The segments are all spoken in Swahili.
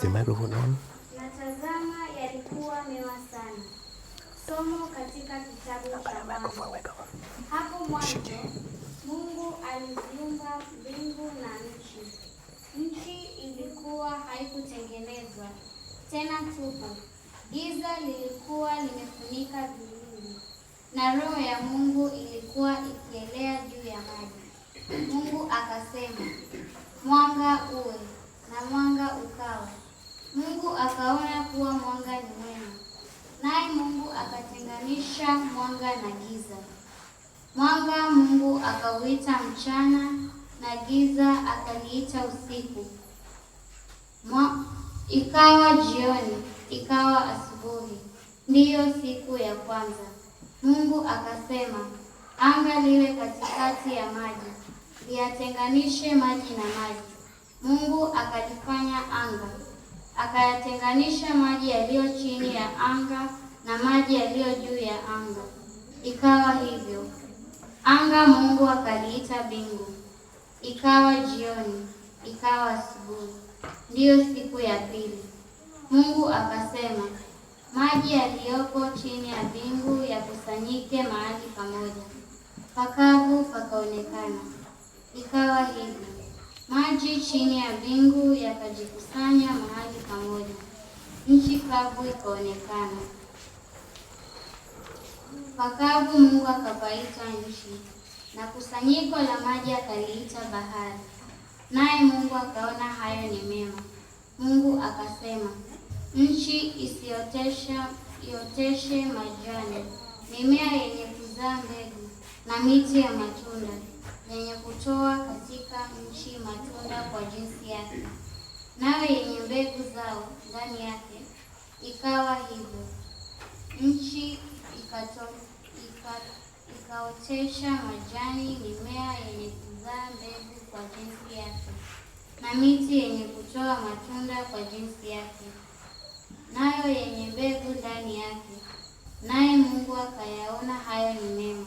Is the microphone on? Natazama yalikuwa mewa sana. Somo katika kitabu cha Mwanzo. Hapo mwanzo Mungu aliziumba mbingu na nchi. Nchi ilikuwa haikutengenezwa tena tupu. Giza lilikuwa limefunika vilindi, na roho ya Mungu ilikuwa ikielea juu ya maji. Mungu akasema, mwanga uwe, na mwanga ukawa. Mungu akaona kuwa mwanga ni mwema, naye Mungu akatenganisha mwanga na giza. Mwanga Mungu akauita mchana na giza akaliita usiku. Mwa, ikawa jioni, ikawa asubuhi, ndiyo siku ya kwanza. Mungu akasema, anga liwe katikati ya maji, liyatenganishe maji na maji. Mungu akalifanya anga akayatenganisha maji yaliyo chini ya anga na maji yaliyo juu ya anga. Ikawa hivyo. Anga Mungu akaliita bingu. Ikawa jioni, ikawa asubuhi, ndiyo siku ya pili. Mungu akasema, maji yaliyopo chini ya bingu yakusanyike mahali pamoja, pakavu pakaonekana. Ikawa hivyo. Maji chini ya mbingu yakajikusanya mahali pamoja, nchi kavu ikaonekana pakavu. Mungu akapaita nchi, na kusanyiko la maji akaliita bahari, naye Mungu akaona hayo ni mema. Mungu akasema, nchi isiotesha ioteshe majani, mimea yenye kuzaa mbegu na miti ya matunda yenye kutoa katika nchi matunda kwa jinsi yake, nayo yenye mbegu zao ndani yake. Ikawa hivyo, nchi ikato, ikaotesha majani, mimea yenye kuzaa mbegu kwa jinsi yake, na miti yenye kutoa matunda kwa jinsi yake, nayo yenye mbegu ndani yake. Naye Mungu akayaona hayo ni mema.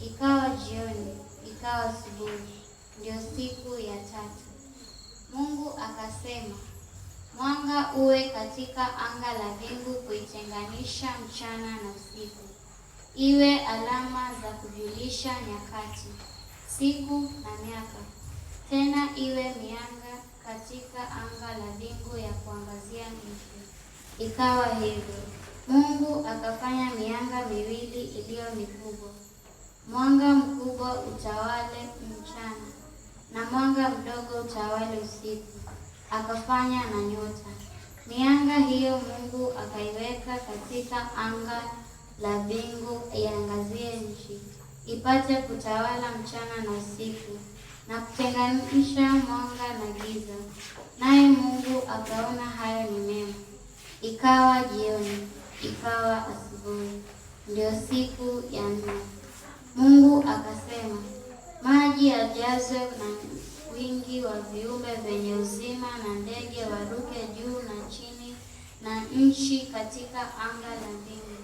Ikawa jioni ikawa asubuhi, ndio siku ya tatu. Mungu akasema, mwanga uwe katika anga la mbingu kuitenganisha mchana na usiku, iwe alama za kujulisha nyakati, siku na miaka, tena iwe mianga katika anga la mbingu ya kuangazia nchi. Ikawa hivyo. Mungu akafanya mianga miwili iliyo mikubwa Mwanga mkubwa utawale mchana na mwanga mdogo utawale usiku, akafanya na nyota. Mianga hiyo Mungu akaiweka katika anga la bingu iangazie nchi, ipate kutawala mchana na usiku, na kutenganisha mwanga na giza. Naye Mungu akaona hayo ni mema. Ikawa jioni, ikawa asubuhi, ndio siku ya nne. Mungu akasema, maji yajazwe na wingi wa viumbe vyenye uzima na ndege waruke juu na chini na nchi katika anga la mbingu.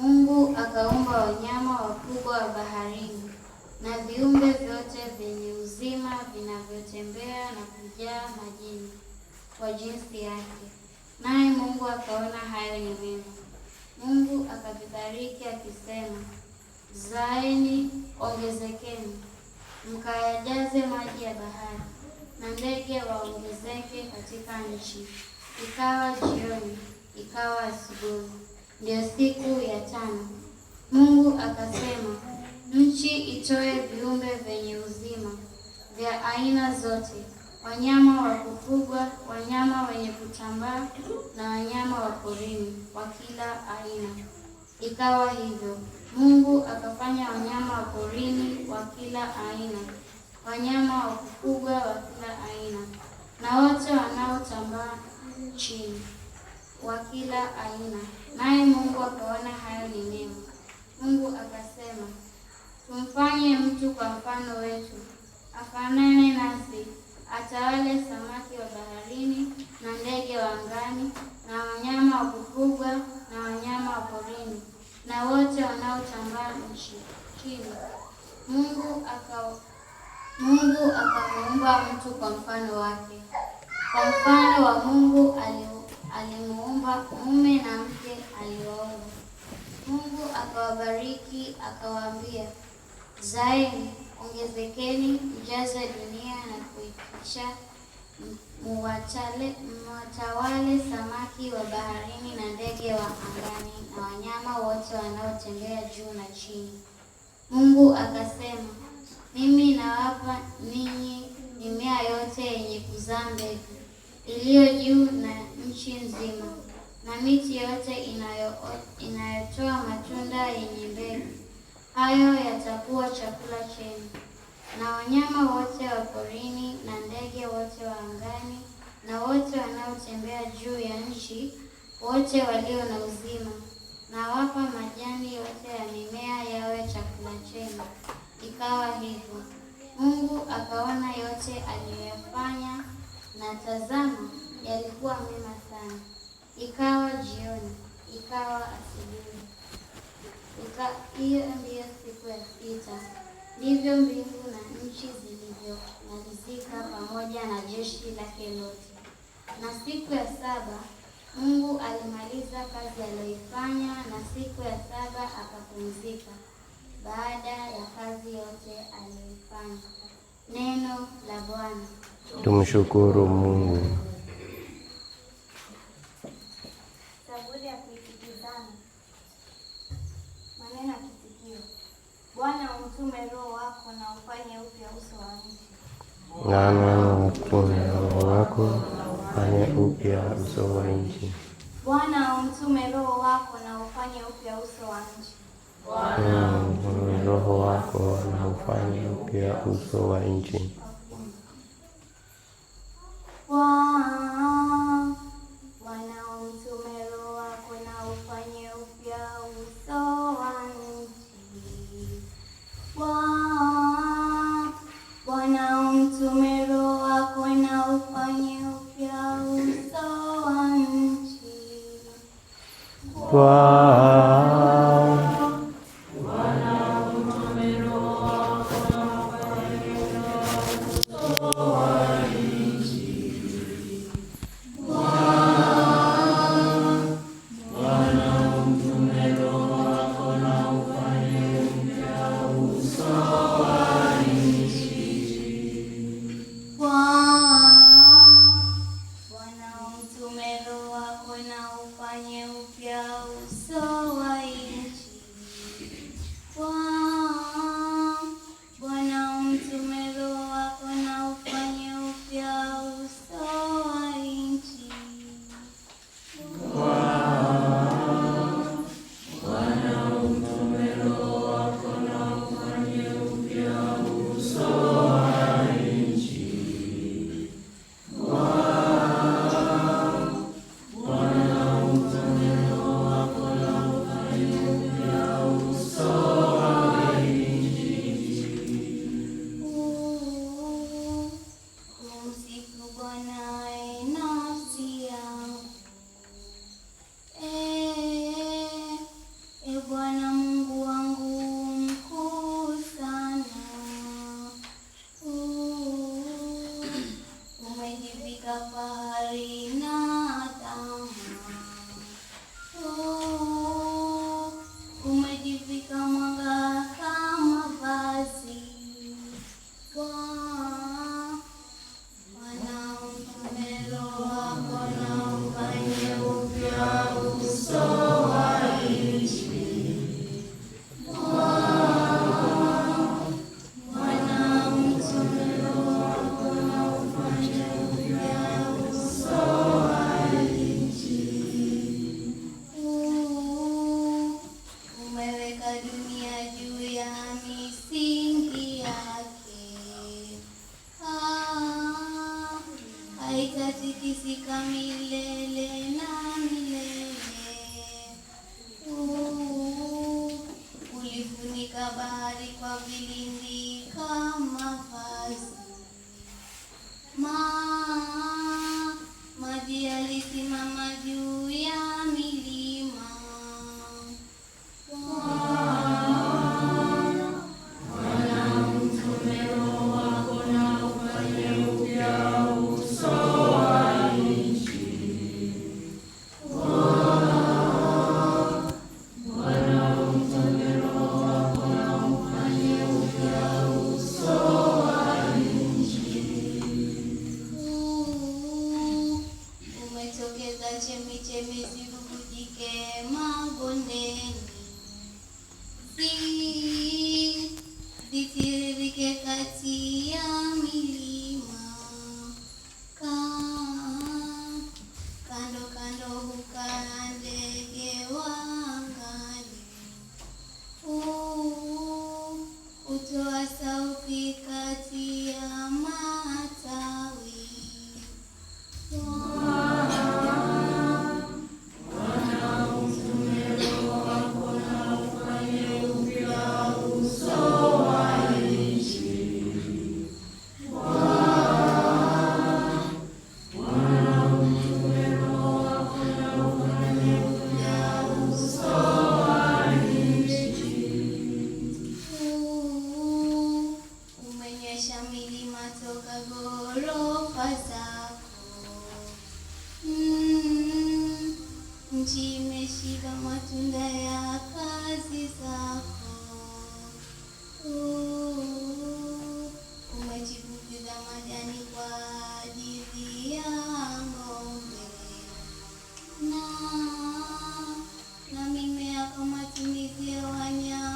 Mungu akaumba wanyama wakubwa wa baharini na viumbe vyote vyenye uzima vinavyotembea na kujaa majini kwa jinsi yake, naye Mungu akaona hayo ni mema. Mungu akavibariki akisema zaeni, ongezekeni, mkayajaze maji ya bahari, na ndege waongezeke katika nchi. Ikawa jioni, ikawa asubuhi, ndio siku ya tano. Mungu akasema, nchi itoe viumbe vyenye uzima vya aina zote, wanyama wa kufugwa, wanyama wenye kutambaa na wanyama wa porini wa kila aina. Ikawa hivyo, Mungu akafanya wanyama wa porini wa kila aina, wanyama wa kufugwa wa kila aina, na wote wanaotambaa chini wa kila aina. Naye Mungu akaona hayo ni mema. Mungu akasema, tumfanye mtu kwa mfano wetu, afanane nasi, atawale samaki wa baharini na ndege wa angani na wanyama wa kufugwa na wanyama wa porini na wote wanaotambaa nchini. Mungu aka Mungu akamuumba mtu kwa mfano wake, kwa mfano wa Mungu alimuumba, mume na mke aliwaumba. Mungu akawabariki akawaambia, zaeni, ongezekeni, mjaze dunia na kuifikisha mwachawale samaki wa baharini na ndege wa angani na wanyama wote wanaotembea juu na chini. Mungu akasema, mimi nawapa ninyi mimea yote yenye kuzaa mbegu iliyo juu na nchi nzima na miti yote inayo, inayotoa matunda yenye mbegu. Hayo yatakuwa chakula chenu na wanyama wote wa porini na ndege wote wa angani na wote wanaotembea juu ya nchi, wote walio na uzima. Na wapa majani yote ya mimea yawe chakula chema. Ikawa hivyo. Mungu akaona yote aliyoyafanya, na tazama, yalikuwa mema sana. Ikawa jioni, ikawa asubuhi. hiyo ndiyo siku ya sita ndivyo mbingu na nchi zilivyomalizika pamoja na jeshi lake lote. Na siku ya saba Mungu alimaliza kazi aliyoifanya, na siku ya saba akapumzika baada ya kazi yote aliyoifanya. Neno la Bwana. Tumshukuru Mungu. Zaburi ya kuitikizana. Maneno Bwana, mtume Roho wako na ufanye upya uso wa nchi. Bwana, mtume Roho wako ufanye upya uso wa nchi. Bwana, mtume Roho wako na ufanye upya uso wa nchi. Bwana, mtume Roho wako na ufanye upya uso wa nchi. Wow. you. Nesha milima toka gorofa zako. Mm, nchi imeshiba matunda ya kazi zako. Uh, mm, umechipukiza majani kwa ajili ya ng'ombe na na mimea kwa matumizi ya wanyama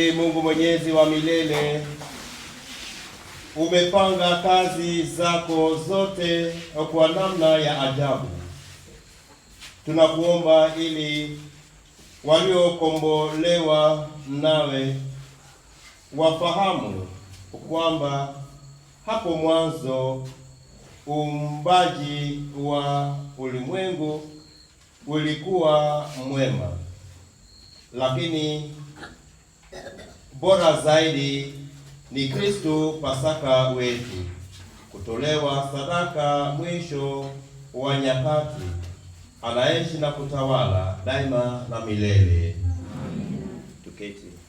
E Mungu Mwenyezi wa milele, umepanga kazi zako zote kwa namna ya ajabu. Tunakuomba ili waliokombolewa nawe wafahamu kwamba hapo mwanzo uumbaji wa ulimwengu ulikuwa mwema, lakini bora zaidi ni Kristo Pasaka wetu, kutolewa sadaka mwisho wa nyakati, anaishi na kutawala daima na milele. Tuketi.